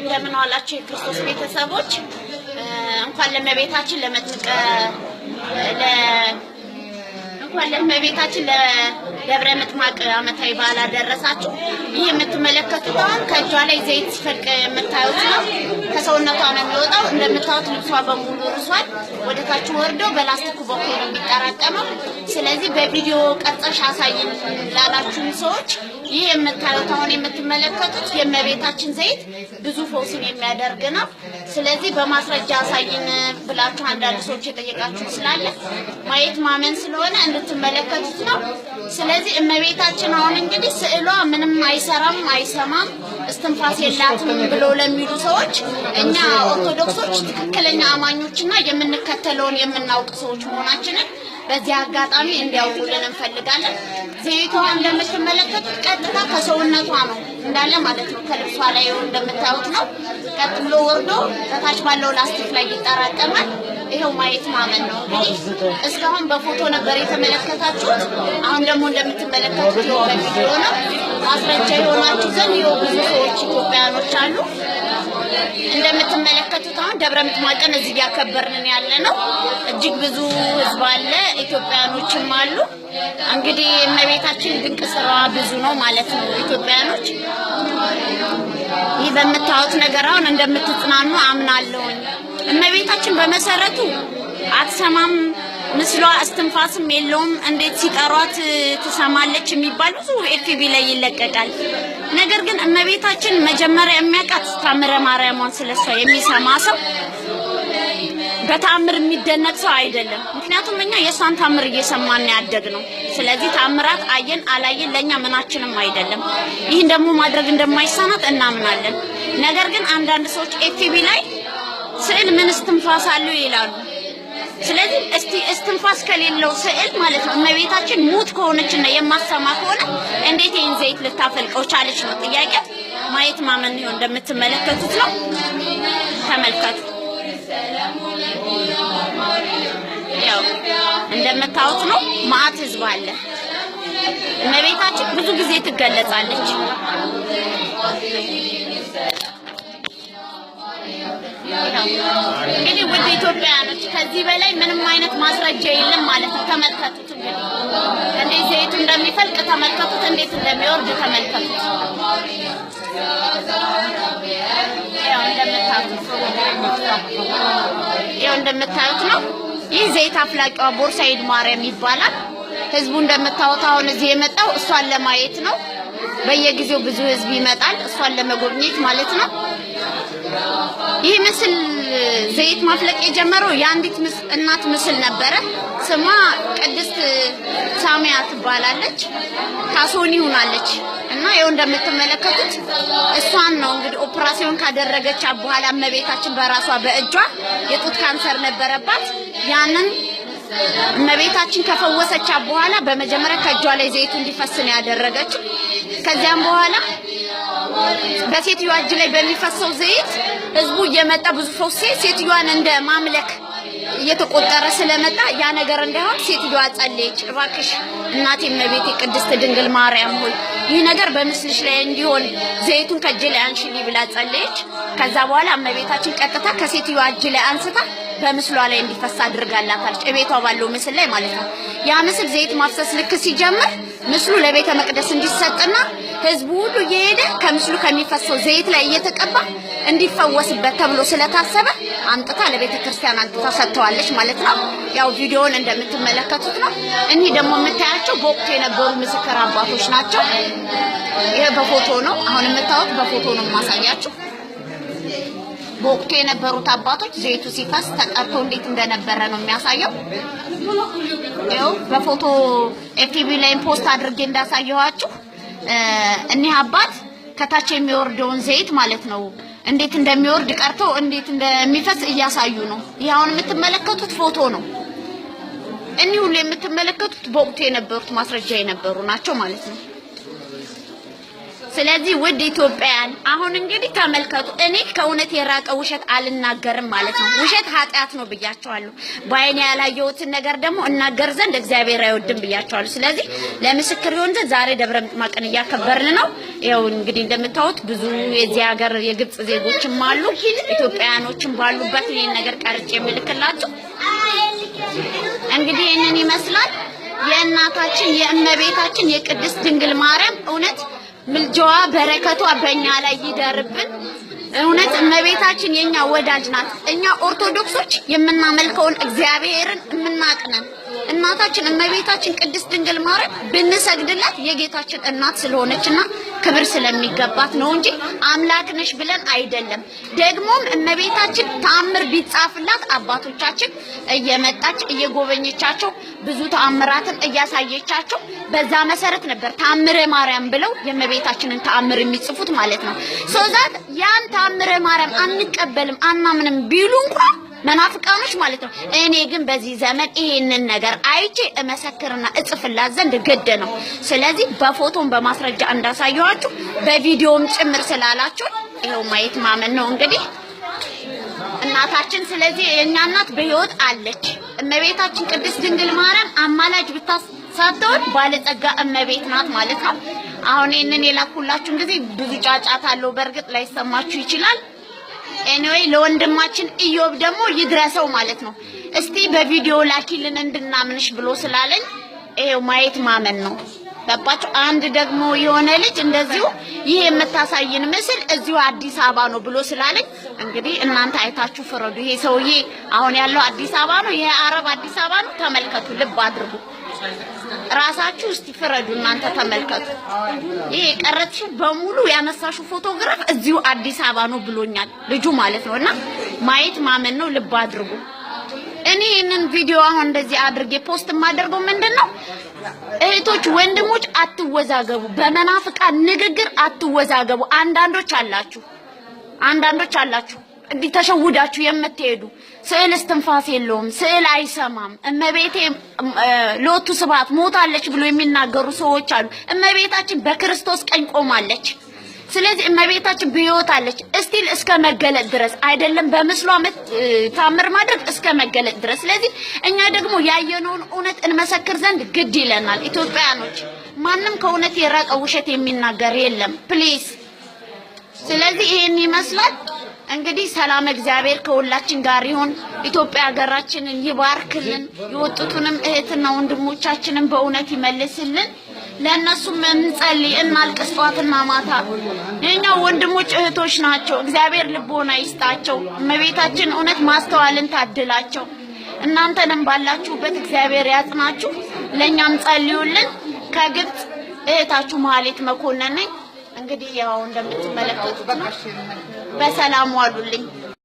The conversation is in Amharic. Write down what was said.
እንደምን ዋላችሁ የክርስቶስ ቤተሰቦች፣ እንኳን ለእመቤታችን ለመጥምቀ እንኳን ለእመቤታችን ለደብረ ምጥማቅ ዓመታዊ በዓል አደረሳችሁ። ይህ የምትመለከቱት አሁን ከእጇ ላይ ዘይት ሲፈልቅ የምታዩት ነው። ከሰውነቷ ነው የሚወጣው። እንደምታዩት ልብሷ በሙሉ እርሷል ወደ ታች ወርዶ በላስቲኩ በኩል የሚጠራቀመው። ስለዚህ በቪዲዮ ቀርጸሽ አሳይን ላላችሁን ሰዎች ይህ የምታዩት አሁን የምትመለከቱት የእመቤታችን ዘይት ብዙ ፈውስን የሚያደርግ ነው። ስለዚህ በማስረጃ አሳይን ብላችሁ አንዳንድ ሰዎች የጠየቃችሁ ስላለ ማየት ማመን ስለሆነ እንድትመለከቱት ነው። ስለዚህ እመቤታችን አሁን እንግዲህ ስዕሏ ምንም አይሰራም አይሰማም እስትንፋስ የላትም ብሎ ለሚሉ ሰዎች እኛ ኦርቶዶክሶች ትክክለኛ አማኞችና የምንከተለውን የምናውቅ ሰዎች መሆናችንን በዚህ አጋጣሚ እንዲያውቁልን እንፈልጋለን። ዘይቷ እንደምትመለከቱት ቀጥታ ከሰውነቷ ነው እንዳለ ማለት ነው። ከልብሷ ላይ እንደምታዩት ነው። ቀጥሎ ወርዶ ከታች ባለው ላስቲክ ላይ ይጠራቀማል። ይሄው ማየት ማመን ነው። እንግዲህ እስካሁን በፎቶ ነበር የተመለከታችሁት። አሁን ደግሞ እንደምትመለከቱት በቪዲዮ ነው። ማስረጃ የሆናችሁ ዘንድ ይኸው ብዙ ሰዎች ኢትዮጵያኖች አሉ። እንደምትመለከቱት አሁን ደብረ ምጥማቅ ቀን እዚህ እያከበርን ያለ ነው። እጅግ ብዙ ህዝብ አለ፣ ኢትዮጵያኖችም አሉ። እንግዲህ እመቤታችን ድንቅ ስራ ብዙ ነው ማለት ነው። ኢትዮጵያኖች ይህ በምታዩት ነገር አሁን እንደምትጽናኑ አምናለሁኝ። እመቤታችን በመሰረቱ አትሰማም ምስሏ እስትንፋስም የለውም። እንዴት ሲጠሯት ትሰማለች የሚባል ብዙ ኤፍቢ ላይ ይለቀቃል። ነገር ግን እመቤታችን መጀመሪያ የሚያውቃት ታምረ ማርያሟን ስለሷ የሚሰማ ሰው በታምር የሚደነቅ ሰው አይደለም። ምክንያቱም እኛ የእሷን ታምር እየሰማን ያደግ ነው። ስለዚህ ታምራት አየን አላየን ለእኛ ምናችንም አይደለም። ይህን ደግሞ ማድረግ እንደማይሳናት እናምናለን። ነገር ግን አንዳንድ ሰዎች ኤፍቢ ላይ ስዕል ምን እስትንፋስ አለው ይላሉ። ስለዚህ እስቲ እስትንፋስ ከሌለው ስዕል ማለት ነው እመቤታችን ሙት ከሆነችና የማሰማ ከሆነ እንዴት ይህን ዘይት ልታፈልቀው ቻለች ነው ጥያቄ። ማየት ማመን ነው። እንደምትመለከቱት ነው። ተመልከቱ። ያው እንደምታዩት ነው። ማአት ህዝብ አለ። እመቤታችን ብዙ ጊዜ ትገለጻለች። ነው። እንግዲህ ውድ ኢትዮጵያውያኖች ከዚህ በላይ ምንም አይነት ማስረጃ የለም ማለት ነው። ተመልከቱት እንግዲህ እንዴት ዘይቱ እንደሚፈልቅ ተመልከቱት፣ እንዴት እንደሚወርድ ተመልከቱት። ያው እንደምታዩት ነው። ይህ ዘይት አፍላቂዋ ቦርሳይድ ማርያም ይባላል። ህዝቡ እንደምታዩት አሁን እዚህ የመጣው እሷን ለማየት ነው። በየጊዜው ብዙ ህዝብ ይመጣል እሷን ለመጎብኘት ማለት ነው። ይህ ምስል ዘይት ማፍለቅ የጀመረው የአንዲት እናት ምስል ነበረ። ስሟ ቅድስት ሳሚያ ትባላለች። ታሶኒ ሆናለች እና ይኸው እንደምትመለከቱት እሷን ነው እንግዲህ ኦፕራሲዮን ካደረገች በኋላ እመቤታችን በራሷ በእጇ የጡት ካንሰር ነበረባት። ያንን እመቤታችን ከፈወሰቻት በኋላ በመጀመሪያ ከእጇ ላይ ዘይቱ እንዲፈስን ያደረገችው ከዚያም በኋላ ከሴትዮዋ እጅ ላይ በሚፈሰው ዘይት ህዝቡ እየመጣ ብዙ ሰው ሴትዮዋን እንደ ማምለክ እየተቆጠረ ስለመጣ ያ ነገር እንዳይሆን ሴትዮዋ ጸለየች። እባክሽ እናቴ እመቤቴ ቅድስት ድንግል ማርያም ሆይ ይህ ነገር በምስልሽ ላይ እንዲሆን ዘይቱን ከእጅ ላይ አንሽልኝ ብላ ጸለየች። ከዛ በኋላ እመቤታችን ቀጥታ ከሴትዮዋ እጅ ላይ አንስታ በምስሏ ላይ እንዲፈሳ አድርጋላታለች። እቤቷ ባለው ምስል ላይ ማለት ነው። ያ ምስል ዘይት ማፍሰስ ልክ ሲጀምር ምስሉ ለቤተ መቅደስ እንዲሰጥና ህዝቡ ሁሉ እየሄደ ከምስሉ ከሚፈሰው ዘይት ላይ እየተቀባ እንዲፈወስበት ተብሎ ስለታሰበ አምጥታ ለቤተ ክርስቲያን አምጥታ ሰጥተዋለች ማለት ነው። ያው ቪዲዮውን እንደምትመለከቱት ነው። እኒህ ደግሞ የምታያቸው በወቅቱ የነበሩ ምስክር አባቶች ናቸው። ይሄ በፎቶ ነው። አሁን የምታዩት በፎቶ ነው የማሳያችሁ። በወቅቱ የነበሩት አባቶች ዘይቱ ሲፈስ ተቀርቶ እንዴት እንደነበረ ነው የሚያሳየው። ይኸው በፎቶ ኤፍቲቪ ላይም ፖስት አድርጌ እንዳሳየኋችሁ እኒህ አባት ከታች የሚወርደውን ዘይት ማለት ነው እንዴት እንደሚወርድ ቀርቶ እንዴት እንደሚፈስ እያሳዩ ነው። ይህ አሁን የምትመለከቱት ፎቶ ነው። እኒህ ሁሉ የምትመለከቱት በወቅቱ የነበሩት ማስረጃ የነበሩ ናቸው ማለት ነው። ስለዚህ ውድ ኢትዮጵያውያን አሁን እንግዲህ ተመልከቱ። እኔ ከእውነት የራቀ ውሸት አልናገርም ማለት ነው። ውሸት ኃጢአት ነው ብያቸዋለሁ። በአይኔ ያላየሁትን ነገር ደግሞ እናገር ዘንድ እግዚአብሔር አይወድም ብያቸዋለሁ። ስለዚህ ለምስክር ይሆን ዘንድ ዛሬ ደብረ ምጥማቅን እያከበርን ነው። ይኸው እንግዲህ እንደምታዩት ብዙ የዚህ ሀገር የግብጽ ዜጎችም አሉ፣ ኢትዮጵያውያኖችም ባሉበት ይህን ነገር ቀርጬ የምልክላችሁ እንግዲህ ይህንን ይመስላል የእናታችን የእመቤታችን የቅድስት ድንግል ማርያም እውነት ምልጃዋ በረከቷ በእኛ ላይ ይደርብን። እውነት እመቤታችን የኛ ወዳጅ ናት። እኛ ኦርቶዶክሶች የምናመልከውን እግዚአብሔርን የምናቅነን እናታችን እመቤታችን ቅድስት ድንግል ማርያም ብንሰግድላት የጌታችን እናት ስለሆነችና ክብር ስለሚገባት ነው እንጂ አምላክ ነሽ ብለን አይደለም። ደግሞም እመቤታችን ታምር ቢጻፍላት አባቶቻችን እየመጣች እየጎበኘቻቸው ብዙ ተአምራትን እያሳየቻቸው በዛ መሰረት ነበር ታምረ ማርያም ብለው የእመቤታችንን ተአምር የሚጽፉት ማለት ነው። ሶዛት ያን ታምረ ማርያም አንቀበልም አናምንም ቢሉ እንኳን መናፍቃኖች ማለት ነው። እኔ ግን በዚህ ዘመን ይሄንን ነገር አይቼ እመሰክርና እጽፍላት ዘንድ ግድ ነው። ስለዚህ በፎቶም በማስረጃ እንዳሳየኋችሁ በቪዲዮም ጭምር ስላላችሁ ይኸው ማየት ማመን ነው እንግዲህ እናታችን። ስለዚህ የእኛ እናት በህይወት አለች። እመቤታችን ቅድስት ድንግል ማርያም አማላጅ ብታሳተውን ባለጸጋ እመቤት ናት ማለት ነው። አሁን ይህንን የላኩላችሁ ጊዜ ብዙ ጫጫታ አለው። በእርግጥ ላይሰማችሁ ይችላል። ኤኒዌይ ለወንድማችን ኢዮብ ደግሞ ይድረሰው ማለት ነው። እስቲ በቪዲዮ ላኪልን እንድናምንሽ ብሎ ስላለኝ ይሄው ማየት ማመን ነው። ገባችሁ? አንድ ደግሞ የሆነ ልጅ እንደዚሁ ይህ የምታሳይን ምስል እዚሁ አዲስ አበባ ነው ብሎ ስላለኝ እንግዲህ እናንተ አይታችሁ ፍረዱ። ይሄ ሰውዬ አሁን ያለው አዲስ አበባ ነው፣ ይሄ አረብ አዲስ አበባ ነው። ተመልከቱ፣ ልብ አድርጉ። ራሳችሁ እስቲ ፍረዱ፣ እናንተ ተመልከቱ። ይሄ ቀረጥሽ በሙሉ ያነሳሹ ፎቶግራፍ እዚሁ አዲስ አበባ ነው ብሎኛል ልጁ ማለት ነውና ማየት ማመን ነው። ልብ አድርጉ። እኔ ይህንን ቪዲዮ አሁን እንደዚህ አድርጌ ፖስት የማደርገው ምንድን ነው? እህቶች ወንድሞች፣ አትወዛገቡ። በመናፍቃ ንግግር አትወዛገቡ። አንዳንዶች አላችሁ አንዳንዶች አላችሁ እንዲህ ተሸውዳችሁ የምትሄዱ ስዕል እስትንፋስ የለውም፣ ስዕል አይሰማም፣ እመቤቴ ሎቱ ስብሐት ሞታለች ብሎ የሚናገሩ ሰዎች አሉ። እመቤታችን በክርስቶስ ቀኝ ቆማለች። ስለዚህ እመቤታችን በሕይወት አለች እስቲል እስከ መገለጥ ድረስ አይደለም አመት ታምር ማድረግ እስከ መገለጥ ድረስ። ስለዚህ እኛ ደግሞ ያየነውን እውነት እንመሰክር ዘንድ ግድ ይለናል። ኢትዮጵያኖች፣ ማንም ከእውነት የራቀ ውሸት የሚናገር የለም። ፕሊዝ። ስለዚህ ይሄን ይመስላል እንግዲህ። ሰላም እግዚአብሔር ከሁላችን ጋር ይሁን። ኢትዮጵያ ሀገራችንን ይባርክልን። የወጡትንም እህትና ወንድሞቻችንን በእውነት ይመልስልን። ለእነሱም እንጸልይ፣ እናልቅስ ጠዋትና ማታ። የኛ ወንድሞች እህቶች ናቸው። እግዚአብሔር ልቦና ይስጣቸው። እመቤታችን እውነት ማስተዋልን ታድላቸው። እናንተንም ባላችሁበት እግዚአብሔር ያጽናችሁ። ለእኛም ጸልዩልን። ከግብፅ እህታችሁ መሀሌት መኮንን ነኝ። እንግዲህ ያው እንደምትመለከቱት ነው። በሰላም ዋሉልኝ።